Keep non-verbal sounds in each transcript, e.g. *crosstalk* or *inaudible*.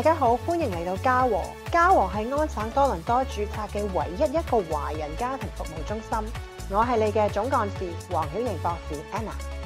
大家好，歡迎嚟到嘉禾。嘉禾喺安省多倫多注冊嘅唯一一個華人家庭服務中心。我係你嘅總幹事黃曉瑩博士，Anna。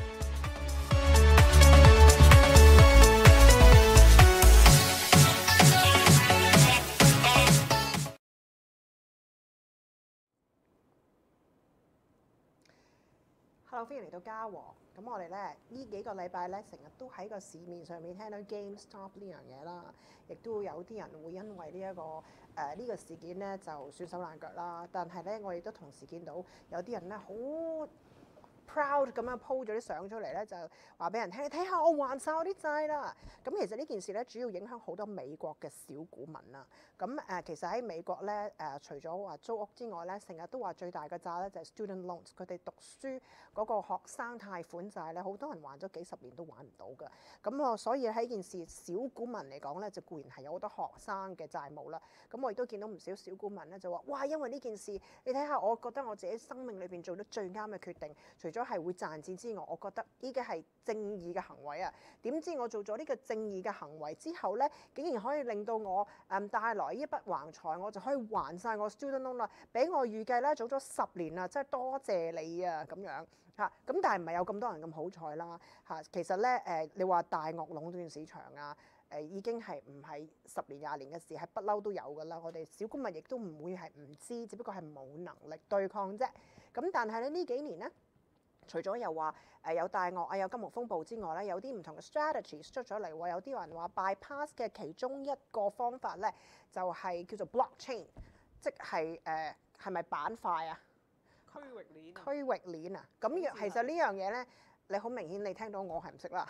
歡迎嚟到嘉禾，咁，我哋咧呢幾個禮拜咧成日都喺個市面上面聽到 GameStop 呢樣嘢啦，亦都有啲人會因為呢一個誒呢個事件咧就損手爛腳啦，但係咧我亦都同時見到有啲人咧好 *music* proud 咁樣 po 咗啲相出嚟咧，就話俾人聽。你睇下，我還晒我啲債啦。咁其實呢件事咧，主要影響好多美國嘅小股民啦。咁誒、呃，其實喺美國咧，誒、呃、除咗話租屋之外咧，成日都話最大嘅債咧就係 student loans。佢哋讀書嗰個學生貸款債咧，好多人還咗幾十年都還唔到噶。咁我所以喺件事小股民嚟講咧，就固然係有好多學生嘅債務啦。咁我亦都見到唔少小股民咧就話：哇，因為呢件事，你睇下，我覺得我自己生命裏邊做得最啱嘅決定，咗係會賺錢之外，我覺得依個係正義嘅行為啊！點知我做咗呢個正義嘅行為之後咧，竟然可以令到我誒帶、嗯、來呢筆橫財，我就可以還晒我 student loan 啦！俾我預計咧，早咗十年啊，真係多謝你啊咁樣嚇咁、啊，但係唔係有咁多人咁好彩啦嚇？其實咧誒、呃，你話大鱷壟斷市場啊誒、呃，已經係唔係十年廿年嘅事，係不嬲都有㗎啦。我哋小公民亦都唔會係唔知，只不過係冇能力對抗啫。咁、啊、但係咧呢幾年咧。除咗又話誒有大鱷啊，有金融風暴之外咧，有啲唔同嘅 strategies 出咗嚟，有啲人話 bypass 嘅其中一個方法咧就係叫做 blockchain，即係誒係咪板塊啊？區域鏈，區域鏈啊，咁其實呢樣嘢咧。你好明顯，你聽到我係唔識啦。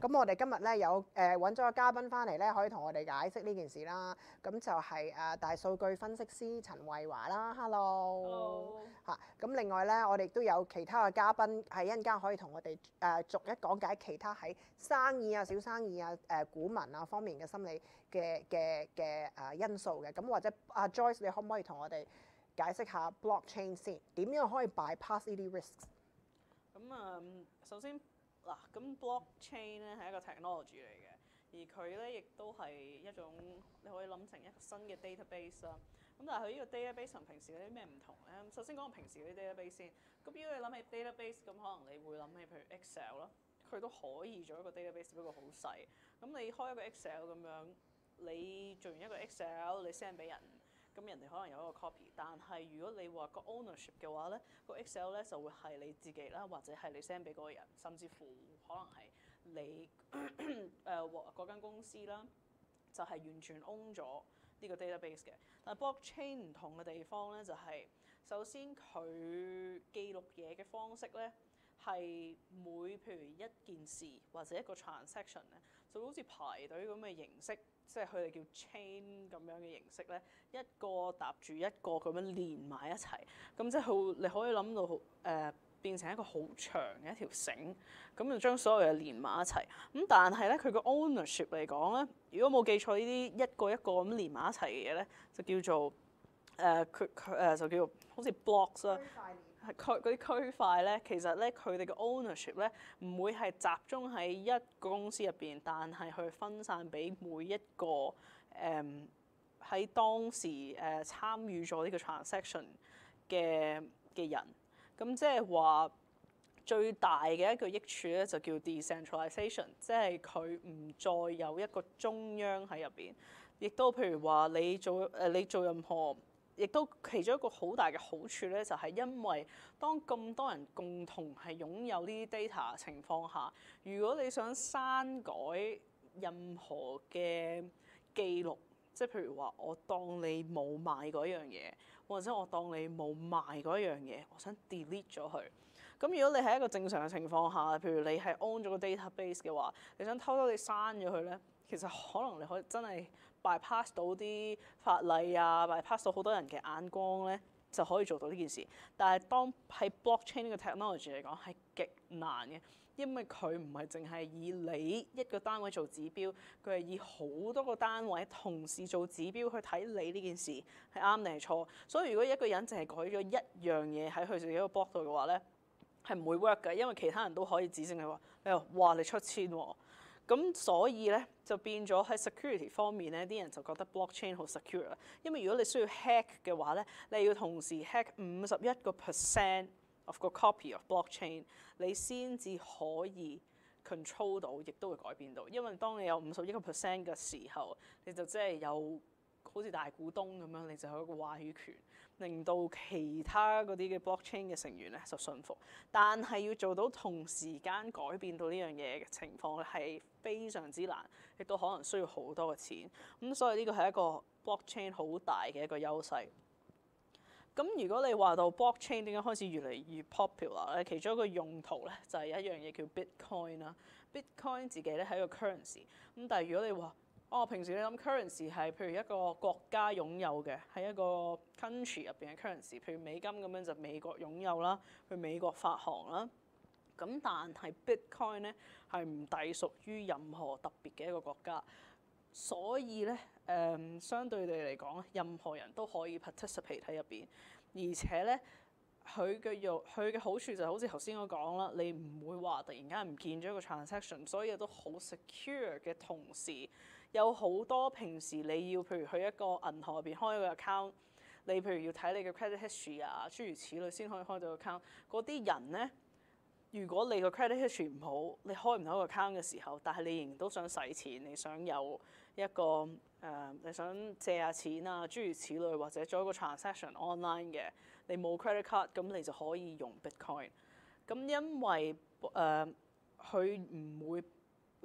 咁我哋今日咧有誒揾咗個嘉賓翻嚟咧，可以同我哋解釋呢件事啦。咁就係、是、誒、呃、大數據分析師陳慧華啦。Hello。好 Hello。咁、啊、另外咧，我哋都有其他嘅嘉賓喺恩家，一陣可以同我哋誒、呃、逐一講解其他喺生意啊、小生意啊、誒、呃、股民啊方面嘅心理嘅嘅嘅誒因素嘅。咁或者阿、啊、Joyce，你可唔可以同我哋解釋下 blockchain 先點樣可以 bypass 呢啲 risks？咁啊、嗯，首先嗱，咁、啊、blockchain 咧係一個 technology 嚟嘅，而佢咧亦都係一種你可以諗成一個新嘅 database 啦、啊。咁但係佢呢個 database 同平時有啲咩唔同咧？首先講個平時啲 database 先。咁如果你諗起 database，咁可能你會諗起譬如 Excel 啦，佢都可以做一個 database，不過好細。咁你開一個 Excel 咁樣，你做完一個 Excel，你 send 俾人。咁人哋可能有一個 copy，但係如果你話個 ownership 嘅話咧，個 Excel 咧就會係你自己啦，或者係你 send 俾嗰個人，甚至乎可能係你誒和嗰間公司啦，就係完全 own 咗呢個 database 嘅。但係 blockchain 唔同嘅地方咧，就係首先佢記錄嘢嘅方式咧，係每譬如一件事或者一個 transaction 咧。就好似排隊咁嘅形式，即係佢哋叫 chain 咁樣嘅形式咧，一個搭住一個咁樣連埋一齊，咁即係好你可以諗到誒、呃、變成一個好長嘅一條繩，咁就將所有嘢連埋一齊。咁但係咧，佢個 ownership 嚟講咧，如果冇記錯，呢啲一個一個咁連埋一齊嘅嘢咧，就叫做誒佢佢誒就叫好似 blocks 啦。區嗰啲區塊咧，其實咧佢哋嘅 ownership 咧唔會係集中喺一個公司入邊，但係佢分散俾每一個誒喺、嗯、當時誒參與咗呢個 transaction 嘅嘅人。咁、嗯、即係話最大嘅一個益處咧，就叫 decentralization，即係佢唔再有一個中央喺入邊，亦都譬如話你做誒你做任何。亦都其中一個好大嘅好處咧，就係因為當咁多人共同係擁有呢啲 data 情況下，如果你想刪改任何嘅記錄，即係譬如話我當你冇買嗰樣嘢，或者我當你冇賣嗰樣嘢，我想 delete 咗佢。咁如果你喺一個正常嘅情況下，譬如你係 own 咗個 database 嘅話，你想偷偷哋刪咗佢咧，其實可能你可以真係。bypass 到啲法例啊，bypass 到好多人嘅眼光咧，就可以做到呢件事。但係當喺 blockchain 嘅 technology 嚟講，係極難嘅，因為佢唔係淨係以你一個單位做指標，佢係以好多個單位同時做指標去睇你呢件事係啱定係錯。所以如果一個人淨係改咗一樣嘢喺佢自己個 block 度嘅話咧，係唔會 work 㗎，因為其他人都可以指正佢話，誒，哇，你出千喎、哦！咁所以咧就變咗喺 security 方面咧，啲人就覺得 blockchain 好 secure 啦。因為如果你需要 hack 嘅話咧，你要同時 hack 五十一個 percent of 個 copy of blockchain，你先至可以 control 到，亦都會改變到。因為當你有五十一個 percent 嘅時候，你就即係有好似大股東咁樣，你就有一個話語權。令到其他嗰啲嘅 blockchain 嘅成員咧就信服，但係要做到同時間改變到呢樣嘢嘅情況，咧係非常之難，亦都可能需要好多嘅錢，咁、嗯、所以呢個係一個 blockchain 好大嘅一個優勢。咁、嗯、如果你話到 blockchain 點解開始越嚟越 popular 咧，其中一個用途咧就係、是、一樣嘢叫 bitcoin 啦。bitcoin 自己咧係一個 currency，咁、嗯、但係如果你話。我、哦、平時你諗 currency 係譬如一個國家擁有嘅，喺一個 country 入邊嘅 currency，譬如美金咁樣就是、美國擁有啦，去美國發行啦。咁但係 Bitcoin 呢係唔隸屬於任何特別嘅一個國家，所以呢，誒、嗯、相對地嚟講任何人都可以 participate 喺入邊，而且呢，佢嘅用佢嘅好處就好似頭先我講啦，你唔會話突然間唔見咗一個 transaction，所以都好 secure 嘅同時。有好多平時你要譬如去一個銀行入邊開一個 account，你譬如要睇你嘅 credit history 啊，諸如此類先可以開到個 account。嗰啲人咧，如果你個 credit history 唔好，你開唔到個 account 嘅時候，但係你仍然都想使錢，你想有一個誒、呃，你想借下錢啊，諸如此類，或者做一個 transaction online 嘅，你冇 credit card，咁你就可以用 bitcoin。咁因為誒，佢、呃、唔會。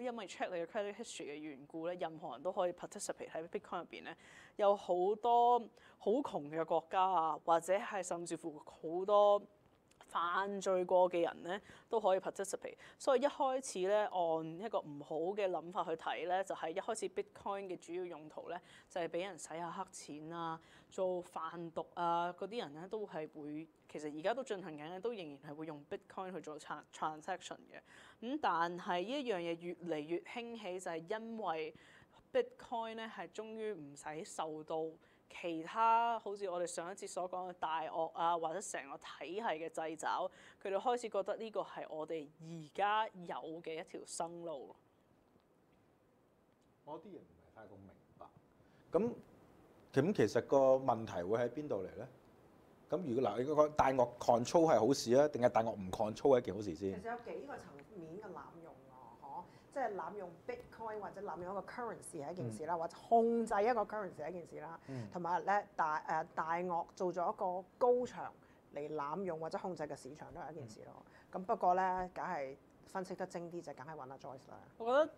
因為 check 你嘅 credit history 嘅緣故咧，任何人都可以 participate 喺 Bitcoin 入邊咧，有好多好窮嘅國家啊，或者係甚至乎好多。犯罪過嘅人咧都可以 participate，所以一開始咧按一個唔好嘅諗法去睇咧，就係一開始 Bitcoin 嘅主要用途咧就係俾人洗下黑錢啊、做販毒啊嗰啲人咧都係會，其實而家都進行緊，都仍然係會用 Bitcoin 去做 transaction 嘅。咁但係呢一樣嘢越嚟越興起就係因為 Bitcoin 咧係終於唔使受到。其他好似我哋上一次所講嘅大鱷啊，或者成個體系嘅掣肘，佢哋開始覺得呢個係我哋而家有嘅一條生路咯。我啲人唔係太過明白，咁咁其實個問題會喺邊度嚟咧？咁如果嗱，你果大鱷抗粗係好事啊，定係大鱷唔抗粗係一件好事先？其實有幾個層面嘅濫用。即係濫用 Bitcoin 或者濫用一個 currency 係一件事啦，或者控制一個 currency 係一件事啦，同埋咧大誒大鱷做咗一個高牆嚟濫用或者控制嘅市場都係一件事咯。咁不過咧，梗係分析得精啲就梗係揾阿 Joyce 啦。我覺得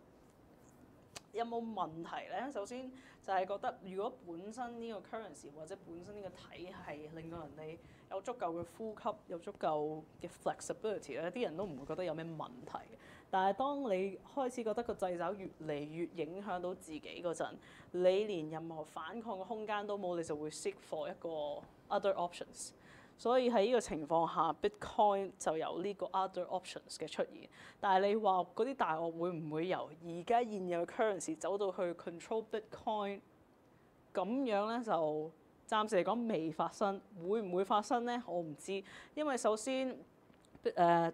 有冇問題咧？首先就係覺得，如果本身呢個 currency 或者本身呢個體系令到人哋有足夠嘅呼吸，有足夠嘅 flexibility 咧，啲人都唔會覺得有咩問題。但係當你開始覺得個掣肘越嚟越影響到自己嗰陣，你連任何反抗嘅空間都冇，你就會 seek for 一個 other options。所以喺呢個情況下，Bitcoin 就有呢個 other options 嘅出現。但係你話嗰啲大鱷會唔會由而家現有 currency 走到去 control Bitcoin？咁樣呢，就暫時嚟講未發生，會唔會發生呢？我唔知，因為首先誒。Uh,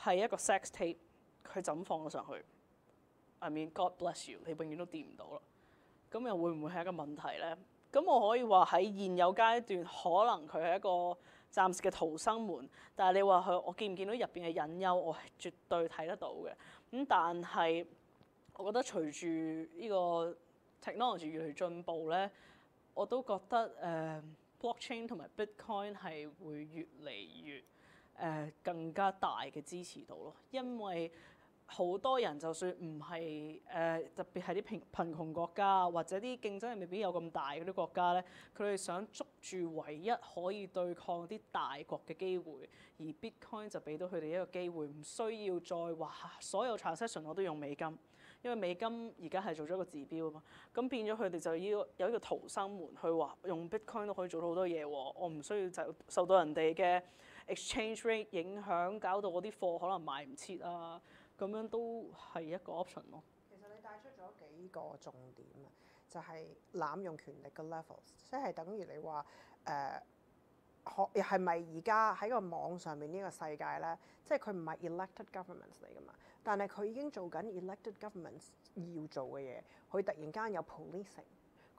係一個 sex tape，佢就咁放咗上去。I mean God bless you，你永遠都掂唔到啦。咁又會唔會係一個問題咧？咁我可以話喺現有階段，可能佢係一個暫時嘅逃生門。但係你話佢，我見唔見到入邊嘅隱憂？我係絕對睇得到嘅。咁但係我覺得隨住呢個 technology 越嚟越進步咧，我都覺得誒、呃、blockchain 同埋 bitcoin 係會越嚟越誒、呃、更加大嘅支持度咯，因為好多人就算唔係誒，特別係啲貧貧窮國家啊，或者啲競爭係未必有咁大嗰啲國家咧，佢哋想捉住唯一可以對抗啲大國嘅機會，而 Bitcoin 就俾到佢哋一個機會，唔需要再話所有 transaction 我都用美金，因為美金而家係做咗一個指標啊嘛，咁變咗佢哋就要有一個逃生門去話用 Bitcoin 都可以做到好多嘢喎，我唔需要就受到人哋嘅。Exchange rate 影響搞到我啲貨可能賣唔切啊，咁樣都係一個 option 咯。其實你帶出咗幾個重點啊，就係濫用權力嘅 levels，即係等於你話誒學又係咪而家喺個網上面呢個世界咧，即係佢唔係 elected governments 嚟㗎嘛，但係佢已經做緊 elected governments 要做嘅嘢，佢突然間有 policing。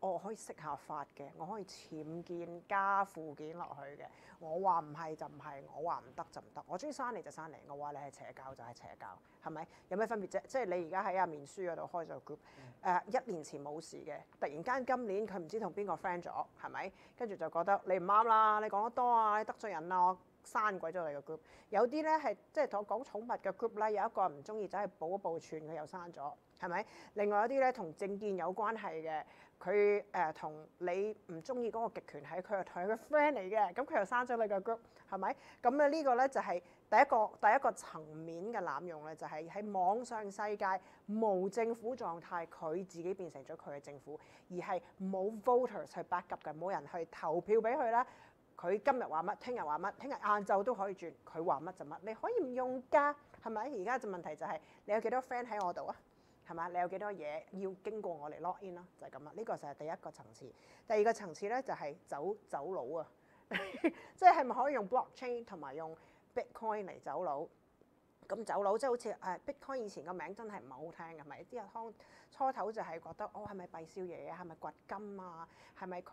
我可以識下法嘅，我可以僭建加附件落去嘅。我話唔係就唔係，我話唔得就唔得。我中意刪你就刪你，我話你係邪教就係邪教，係咪？有咩分別啫？即係你而家喺阿面書嗰度開咗個 group，誒、嗯啊、一年前冇事嘅，突然間今年佢唔知同邊個 friend 咗，係咪？跟住就覺得你唔啱啦，你講得多啊，你得罪人啦，我刪鬼咗你個 group。有啲咧係即係同我講寵物嘅 group 咧，有一個唔中意就係、是、補一補串，佢又刪咗。係咪？另外一啲咧，同政見有關係嘅，佢誒、呃、同你唔中意嗰個極權喺，佢又同佢嘅 friend 嚟嘅，咁佢又生咗你嘅 group 係咪？咁咧呢個咧就係、是、第一個第一個層面嘅濫用咧，就係、是、喺網上世界無政府狀態，佢自己變成咗佢嘅政府，而係冇 voters 去 back up 嘅，冇人去投票俾佢啦。佢今日話乜，聽日話乜，聽日晏晝都可以轉佢話乜就乜，你可以唔用㗎，係咪？而家就問題就係、是、你有幾多 friend 喺我度啊？係嘛？你有幾多嘢要經過我嚟 lock in 咯？就係咁啦。呢個就係第一個層次。第二個層次咧，就係、是、走走佬啊！ *laughs* 即係係咪可以用 blockchain 同埋用 bitcoin 嚟走佬？咁走佬即係好似誒、啊、Bitcoin 以前個名真係唔係好聽嘅，係咪？啲人初頭就係覺得哦係咪閉少嘢啊？係咪掘金啊？係咪誒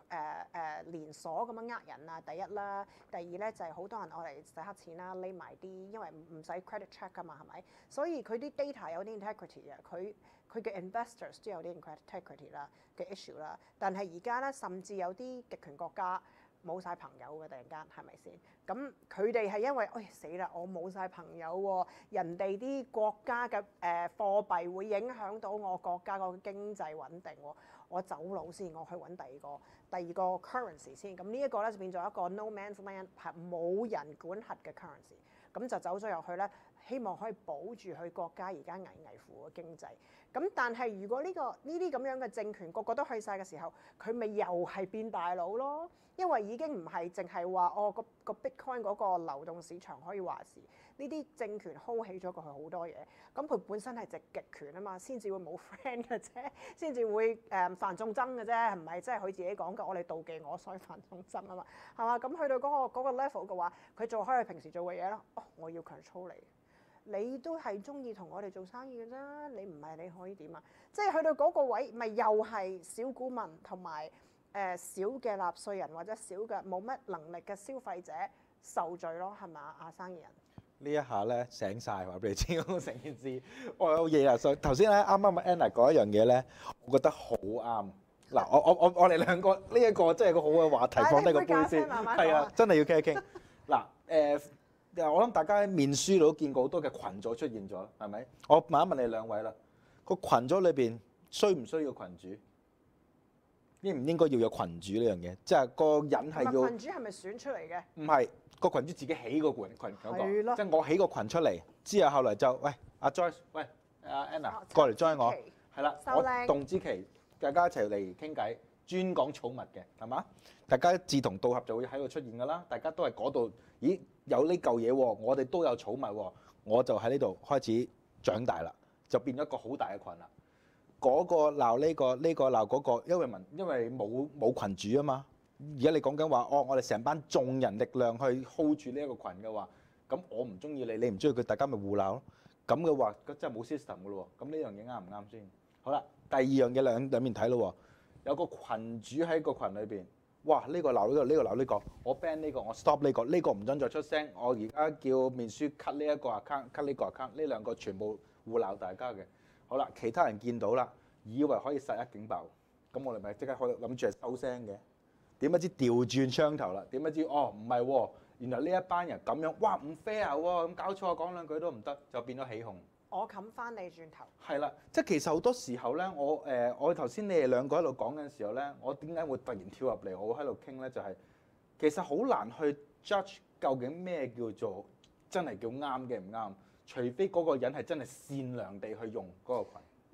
誒連鎖咁樣呃人啊？第一啦，第二咧就係、是、好多人我嚟洗黑錢啦、啊，匿埋啲因為唔唔使 credit check 㗎、啊、嘛，係咪？所以佢啲 data 有啲 integrity 啊，佢佢嘅 investors 都有啲 integrity 啦嘅 issue 啦、啊，但係而家咧甚至有啲極權國家。冇晒朋友嘅突然間係咪先咁佢哋係因為哎死啦！我冇晒朋友喎，人哋啲國家嘅誒、呃、貨幣會影響到我國家個經濟穩定喎，我走佬先，我去揾第二個第二個 currency 先咁呢一個咧就變咗一個 no man's land 係冇人管轄嘅 currency，咁就走咗入去咧，希望可以保住佢國家而家危危乎嘅經濟。咁但係如果呢、呢個呢啲咁樣嘅政權個個都去晒嘅時候，佢咪又係變大佬咯？因為已經唔係淨係話哦個個 Bitcoin 嗰個流動市場可以話事，呢啲政權 hold 起咗過去好多嘢。咁佢本身係直極權啊嘛，先至會冇 friend 嘅啫，先至會誒犯眾憎嘅啫，唔係即係佢自己講嘅，我哋妒忌我所以犯眾憎啊嘛，係嘛？咁、嗯、去到嗰、嗰個嗰個 level 嘅話，佢做開佢平時做嘅嘢咯。哦，我要 control 你。你都係中意同我哋做生意嘅啫，你唔係你可以點啊？即係去到嗰個位，咪又係小股民同埋誒小嘅納稅人或者小嘅冇乜能力嘅消費者受罪咯，係咪？啊生意人？一呢一下咧醒晒話俾你知、哎，我醒先知，我有嘢啊！上頭先咧，啱啱阿 Anna 講一樣嘢咧，我覺得好啱。嗱，我我我我哋兩個呢、這個、一個真係個好嘅話題，哎、放低個杯先，係啊、哎哎，真係要傾一傾。嗱誒。 *laughs* 呃呃我諗大家喺面書度都見過好多嘅群組出現咗，係咪？我問一問你兩位啦。個群組裏邊需唔需要群主？應唔應該要有群主呢樣嘢？即係個人係要群主係咪選出嚟嘅？唔係個群主自己起個群。羣，咁即係我起個群出嚟之後，後來就喂阿 Joyce，喂阿 Anna 過嚟 join 我係啦，我董之奇大家一齊嚟傾偈。專講寵物嘅係嘛？大家志同道合就會喺度出現㗎啦。大家都係嗰度，咦有呢嚿嘢喎，我哋都有寵物喎，我就喺呢度開始長大啦，就變咗一個好大嘅羣啦。嗰個鬧呢個，呢個鬧嗰個，因為民因為冇冇羣主啊嘛。而家你講緊話哦，我哋成班眾人力量去 hold 住呢一個羣嘅話，咁我唔中意你，你唔中意佢，大家咪互鬧咯。咁嘅話，佢真係冇 system 㗎咯。咁呢樣嘢啱唔啱先？好啦，第二樣嘢兩兩面睇咯。有個群主喺個群裏面，哇！呢個鬧呢個，呢個鬧呢個，我 ban 呢個，我 stop 呢個，呢個唔准再出聲。我而家叫面書 cut 呢一個 account，cut 呢個 account，呢兩個全部互鬧大家嘅。好啦，其他人見到啦，以為可以殺一儆百，咁我哋咪即刻開諗住收聲嘅。點不知調轉槍頭啦？點不知哦，唔係喎，原來呢一班人咁樣，哇唔 fair 喎，咁搞錯講兩句都唔得，就變咗起哄。我冚翻你轉頭。係啦，即係其實好多時候咧，我誒、呃、我頭先你哋兩個喺度講嘅時候咧，我點解會突然跳入嚟我會喺度傾咧？就係、是、其實好難去 judge 究竟咩叫做真係叫啱嘅唔啱，除非嗰個人係真係善良地去用個。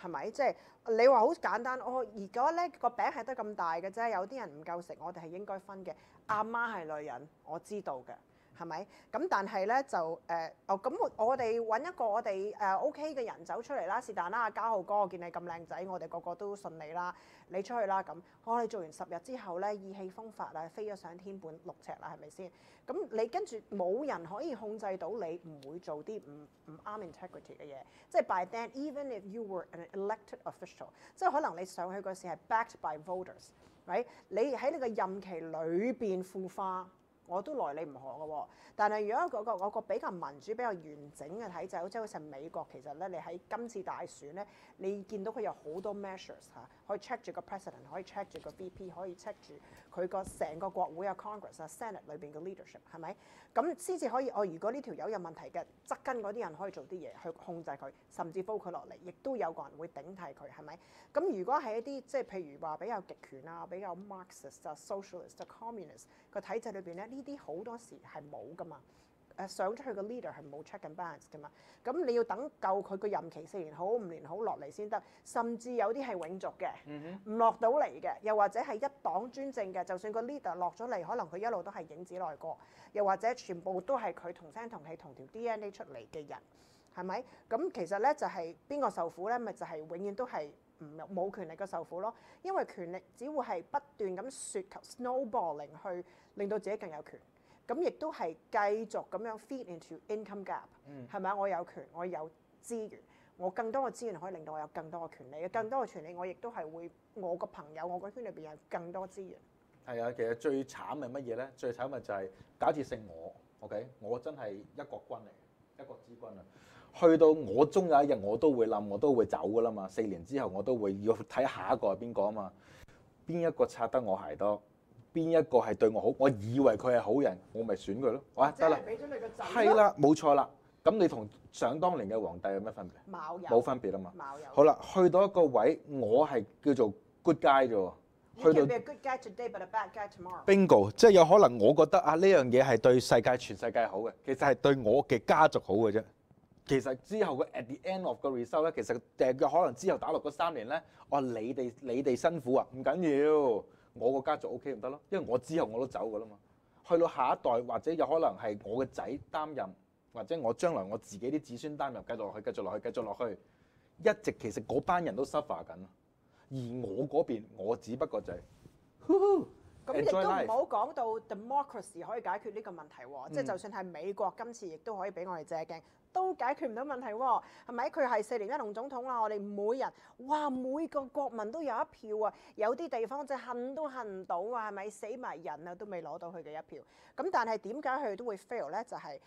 係咪？即係你話好簡單，我而家呢個餅係得咁大嘅啫，有啲人唔夠食，我哋係應該分嘅。阿媽係女人，我知道嘅。係咪？咁但係咧就誒、呃、哦咁我哋揾一個我哋誒、呃、OK 嘅人走出嚟啦，是但啦，阿嘉浩哥，我見你咁靚仔，我哋個個都順利啦，你出去啦咁。我哋、哦、做完十日之後咧，意氣風發啊，飛咗上天本六尺啦，係咪先？咁、嗯、你跟住冇人可以控制到你，唔會做啲唔唔啱 integrity 嘅嘢。即係 by then，even if you were an elected official，即係可能你上去嗰時係 backed by voters，係、right? 你喺你嘅任期裏邊腐化，我都耐你唔何噶，但係如果、嗰個、嗰個比較民主、比較完整嘅體制，好似好似美國，其實咧你喺今次大選咧，你見到佢有好多 measures 嚇、啊，可以 check 住個 president，可以 check 住個 VP，可以 check 住佢個成個國會啊 Congress 啊 Senate 裏邊嘅 leadership，係咪？咁先至可以，我、哦、如果呢條友有問題嘅，側根嗰啲人可以做啲嘢去控制佢，甚至煲佢落嚟，亦都有個人會頂替佢，係咪？咁如果係一啲即係譬如話比較極權啊、比較 Marxist 啊、Socialist 啊、Communist 個、啊、體制裏邊咧。呢啲好多時係冇噶嘛，誒上出去個 leader 係冇 check and balance 噶嘛，咁你要等夠佢個任期四年好五年好落嚟先得，甚至有啲係永續嘅，唔落、mm hmm. 到嚟嘅，又或者係一黨專政嘅，就算個 leader 落咗嚟，可能佢一路都係影子內閣，又或者全部都係佢同聲同氣同條 DNA 出嚟嘅人，係咪？咁其實咧就係邊個受苦咧，咪就係、是、永遠都係。唔冇權力嘅受苦咯，因為權力只會係不斷咁雪球 snowballing 去令到自己更有權，咁亦都係繼續咁樣 feed into income gap，係咪啊？我有權，我有資源，我更多嘅資源可以令到我有更多嘅權利，更多嘅權利我亦都係會我個朋友我個圈裏邊有更多資源。係啊，其實最慘係乜嘢咧？最慘咪就係假設性我，OK，我真係一國軍嚟嘅，一國之君啊！去到我終有一日，我都會諗，我都會走噶啦嘛。四年之後，我都會要睇下一個係邊個啊嘛。邊一個擦得我鞋多，邊一個係對我好，我以為佢係好人，我咪選佢咯。哇、哎，得啦，係啦，冇錯啦。咁你同想當年嘅皇帝有咩分別？冇有分別啊嘛。有好啦，去到一個位，我係叫做 good guy 啫。去到。可以 be a good guy today but a bad guy tomorrow。Bingo，即係有可能我覺得啊呢樣嘢係對世界全世界好嘅，其實係對我嘅家族好嘅啫。其實之後嘅 at the end of the result 咧，其實誒有可能之後打落嗰三年咧，我話你哋你哋辛苦啊，唔緊要，我個家族 O K 唔得咯，因為我之後我都走噶啦嘛，去到下一代或者有可能係我嘅仔擔任，或者我將來我自己啲子孫擔任，繼續落去，繼續落去，繼續落去，去，一直其實嗰班人都 suffer 緊，而我嗰邊我只不過就係、是。呼呼咁亦都唔好講到 democracy 可以解決呢個問題喎，啊，即係，嗯、就，就算係美國今次亦都可以俾我哋借鏡，都解決唔到問題喎，啊，係咪？佢係四年一輪總統啦，我哋每人哇每個國民都有一票啊，有啲地方即恨都恨唔到啊，係咪？死埋人啊都未攞到佢嘅一票，咁但係點解佢都會 fail 咧？就係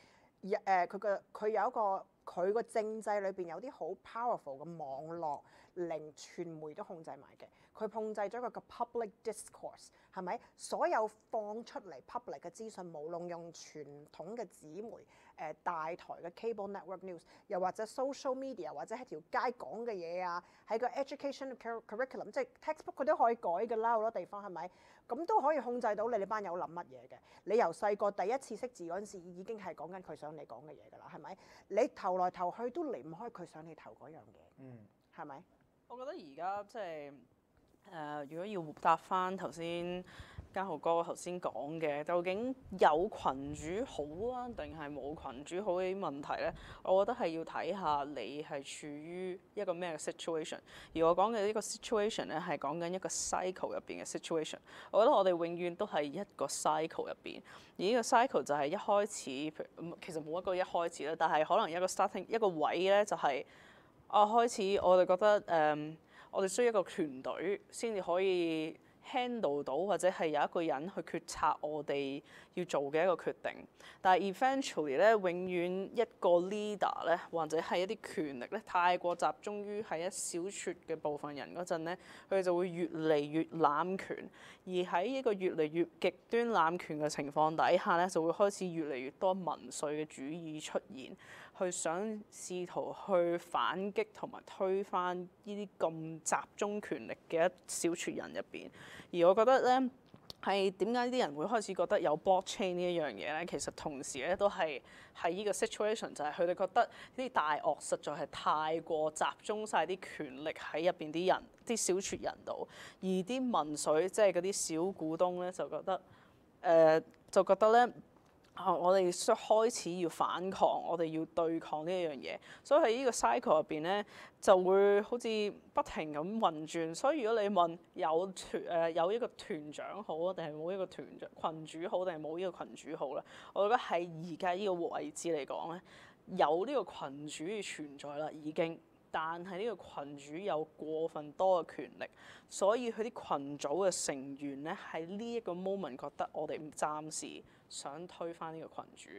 誒佢個佢有一個佢個政制裏邊有啲好 powerful 嘅網絡。令傳媒都控制埋嘅，佢控制咗佢個 public discourse，係咪？所有放出嚟 public 嘅資訊，無論用傳統嘅紙媒、誒、呃、大台嘅 cable network news，又或者 social media，或者喺條街講嘅嘢啊，喺個 education curriculum，即係 textbook，佢都可以改㗎啦。好多地方係咪？咁都可以控制到你哋班友諗乜嘢嘅？你由細個第一次識字嗰陣時，已經係講緊佢想你講嘅嘢㗎啦，係咪？你投來投去都離唔開佢想你投嗰樣嘢，嗯是是，係咪？我覺得而家即係誒、呃，如果要回答翻頭先嘉豪哥頭先講嘅，究竟有群主好啊，定係冇群主好嘅問題咧？我覺得係要睇下你係處於一個咩嘅 situation。而我講嘅呢個 situation 咧，係講緊一個 cycle 入邊嘅 situation。我覺得我哋永遠都係一個 cycle 入邊，而呢個 cycle 就係一開始，其實冇一個一開始啦，但係可能一個 starting 一個位咧，就係、係。我、啊、開始我、嗯，我哋覺得誒，我哋需要一個團隊先至可以 handle 到，或者係有一個人去決策我哋要做嘅一個決定。但係 eventually 咧，永遠一個 leader 咧，或者係一啲權力咧，太過集中於係一小撮嘅部分人嗰陣咧，佢哋就會越嚟越攬權。而喺一個越嚟越極端攬權嘅情況底下咧，就會開始越嚟越多民粹嘅主義出現。去想試圖去反擊同埋推翻呢啲咁集中權力嘅一小撮人入邊，而我覺得呢係點解啲人會開始覺得有 block chain 呢一樣嘢呢？其實同時咧都係喺呢個 situation 就係佢哋覺得啲大鱷實在係太過集中晒啲權力喺入邊啲人、啲小撮人度，而啲民粹即係嗰啲小股東呢，就覺得誒、呃、就覺得呢。哦、我哋需開始要反抗，我哋要對抗呢一樣嘢，所以喺呢個 cycle 入邊呢，就會好似不停咁運轉。所以如果你問有團誒、呃、有一個團長好啊，定係冇一個團長群主好，定係冇依個群主好呢？我覺得喺而家呢個位置嚟講呢，有呢個群主嘅存在啦，已經，但係呢個群主有過分多嘅權力，所以佢啲群組嘅成員呢，喺呢一個 moment 覺得我哋唔暫時，想推翻呢個群主，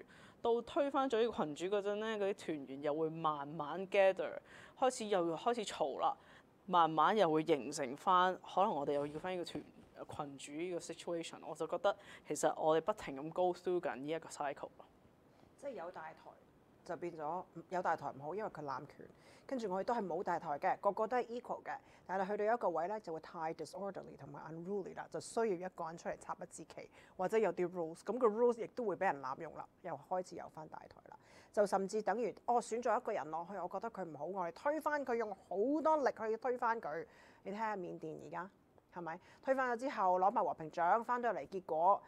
到推翻咗呢個群主嗰陣咧，啲團員又會慢慢 gather，開始又開始嘈啦，慢慢又會形成翻，可能我哋又要翻呢個團群主呢個 situation。我就覺得其實我哋不停咁 go through 緊呢一個 cycle 咯，即係有大台。就變咗有大台唔好，因為佢濫權。跟住我哋都係冇大台嘅，個個都係 equal 嘅。但係去到一個位呢，就會太 disorderly 同埋 unruly 啦，就需要一個人出嚟插一支旗，或者有啲 rules。咁個 rules 亦都會俾人濫用啦，又開始有翻大台啦。就甚至等於我、哦、選咗一個人落去，我覺得佢唔好，我哋推翻佢，用好多力去推翻佢。你睇下緬甸而家係咪推翻咗之後攞埋和平獎翻咗嚟，結果？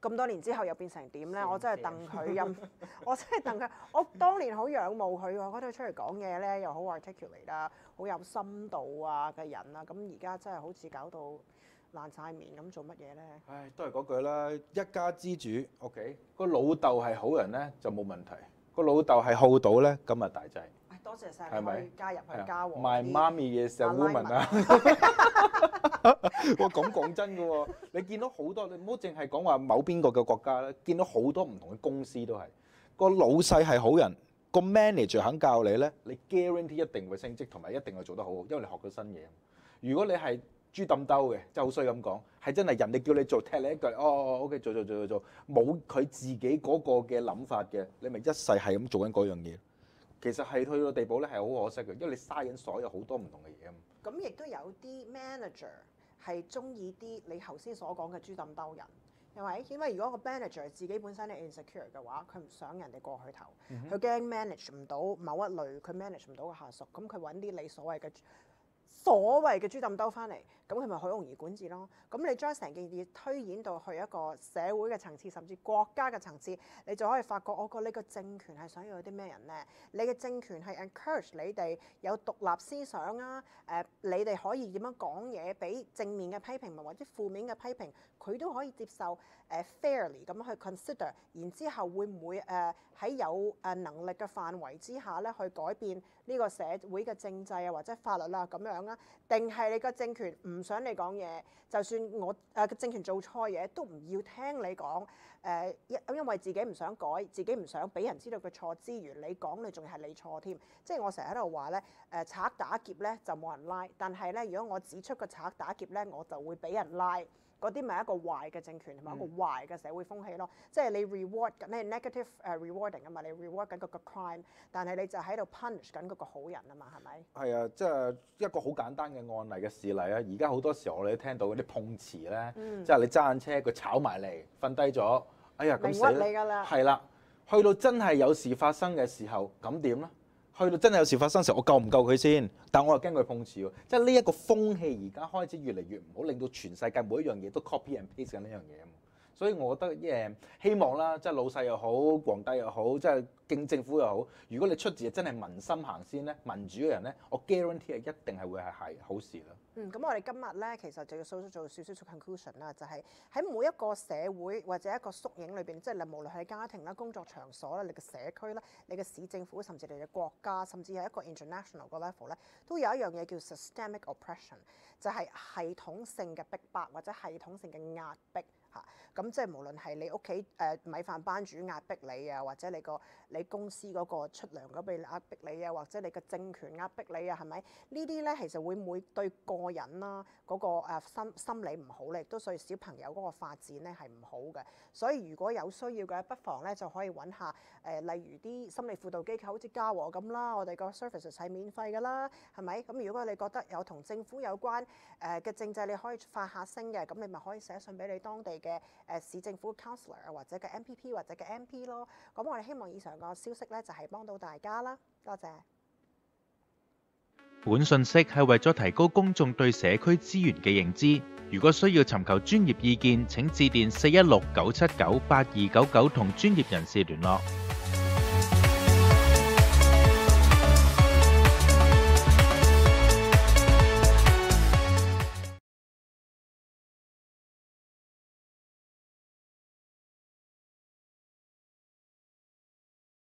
咁多年之後又變成點呢？我真係戥佢，陰 *laughs* 我真係戥佢。我當年好仰慕佢，我覺得佢出嚟講嘢呢又好 articulate 啦，好有深度啊嘅人啊。咁而家真係好似搞到爛晒面咁，做乜嘢呢？唉、哎，都係嗰句啦。一家之主，O K，個老豆係好人呢，就冇問題，個老豆係好到呢，咁啊大制。多謝曬佢加入係家和賣媽咪嘢嘅 woman 啊！哇，咁講真嘅喎，你見到好多，你唔好淨係講話某邊個嘅國家咧，見到好多唔同嘅公司都係個老細係好人，個 manager 肯教你咧，你 guarantee 一定會升職同埋一定會做得好，因為你學到新嘢。如果你係豬冧兜嘅，就好衰咁講，係真係人哋叫你做踢你一腳，哦，OK，做做做做做，冇佢自己嗰個嘅諗法嘅，你咪一世係咁做緊嗰樣嘢。其實係去到地步咧，係好可惜嘅，因為你嘥緊所有好多唔同嘅嘢啊嘛。咁亦都有啲 manager 係中意啲你頭先所講嘅豬竇兜人，因為因為如果個 manager 自己本身係 insecure 嘅話，佢唔想人哋過去投，佢驚、嗯、哼 manage 唔到某一類，佢 manage 唔到嘅下屬，咁佢揾啲你所謂嘅所謂嘅豬竇兜翻嚟。咁佢咪好容易管治咯？咁你將成件嘢推演到去一個社會嘅層次，甚至國家嘅層次，你就可以發覺我個呢個政權係想要啲咩人咧？你嘅政權係 encourage 你哋有獨立思想啊？誒、呃、你哋可以點樣講嘢？俾正面嘅批評唔或者負面嘅批評，佢都可以接受誒、呃、fairly 咁樣去 consider。然之後會唔會誒喺、呃、有誒能力嘅範圍之下咧，去改變呢個社會嘅政制啊，或者法律啦、啊，咁樣啊？定係你個政權唔唔想你講嘢，就算我誒、呃、政權做錯嘢，都唔要聽你講。誒、呃、因因為自己唔想改，自己唔想俾人知道佢錯之餘，你講你仲係你錯添。即係我成日喺度話咧，誒、呃、賊打劫咧就冇人拉，但係咧如果我指出個賊打劫咧，我就會俾人拉。嗰啲咪一個壞嘅政權同埋一個壞嘅社會風氣咯，嗯、即係你 reward 緊你係 negative rewarding 啊嘛，你 reward 緊嗰個 crime，但係你就喺度 punish 緊嗰個好人啊嘛，係咪？係啊，即係一個好簡單嘅案例嘅事例啊！而家好多時候我哋都聽到嗰啲碰瓷咧，嗯、即係你揸緊車佢炒埋嚟瞓低咗，哎呀咁死啦，係啦的，去到真係有事發生嘅時候咁點咧？去到真係有事發生時候，我救唔救佢先？但係我又驚佢碰瓷喎，即係呢一個風氣而家開始越嚟越唔好，令到全世界每一樣嘢都 copy and paste 緊呢樣嘢啊！所以我覺得誒、嗯、希望啦，即係老細又好，皇帝又好，即係敬政府又好。如果你出自真係民心行先咧，民主嘅人咧，我 guarantee 係一定係會係係好事咯。嗯，咁我哋今日咧其實就要稍稍做少少出 conclusion 啦，就係喺每一個社會或者一個縮影裏邊，即係你無論係家庭啦、工作場所啦、你嘅社區啦、你嘅市政府，甚至你嘅國家，甚至係一個 international 嘅 level 咧，都有一樣嘢叫 systemic oppression，就係系統性嘅逼迫或者系統性嘅壓迫。咁即係無論係你屋企誒米飯班主壓迫你啊，或者你個你公司嗰個出糧嗰邊壓迫你啊，或者你個政權壓迫你啊，係咪？呢啲咧其實會唔會對個人啦嗰個心心理唔好咧，亦都所以小朋友嗰個發展咧係唔好嘅。所以如果有需要嘅，不妨咧就可以揾下誒，例如啲心理輔導機構，好似家和咁啦，我哋個 service 係免費㗎啦，係咪？咁如果你覺得有同政府有關誒嘅政制，你可以發下聲嘅，咁你咪可以寫信俾你當地。嘅誒，市政府 councillor 啊，或者嘅 MPP 或者嘅 MP 咯，咁我哋希望以上個消息咧，就係幫到大家啦。多謝。本信息係為咗提高公眾對社區資源嘅認知。如果需要尋求專業意見，請致電四一六九七九八二九九同專業人士聯絡。